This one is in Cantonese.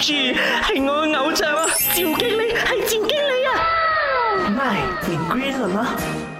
係我嘅偶像啊，趙經理係趙經理啊，咪變 g r e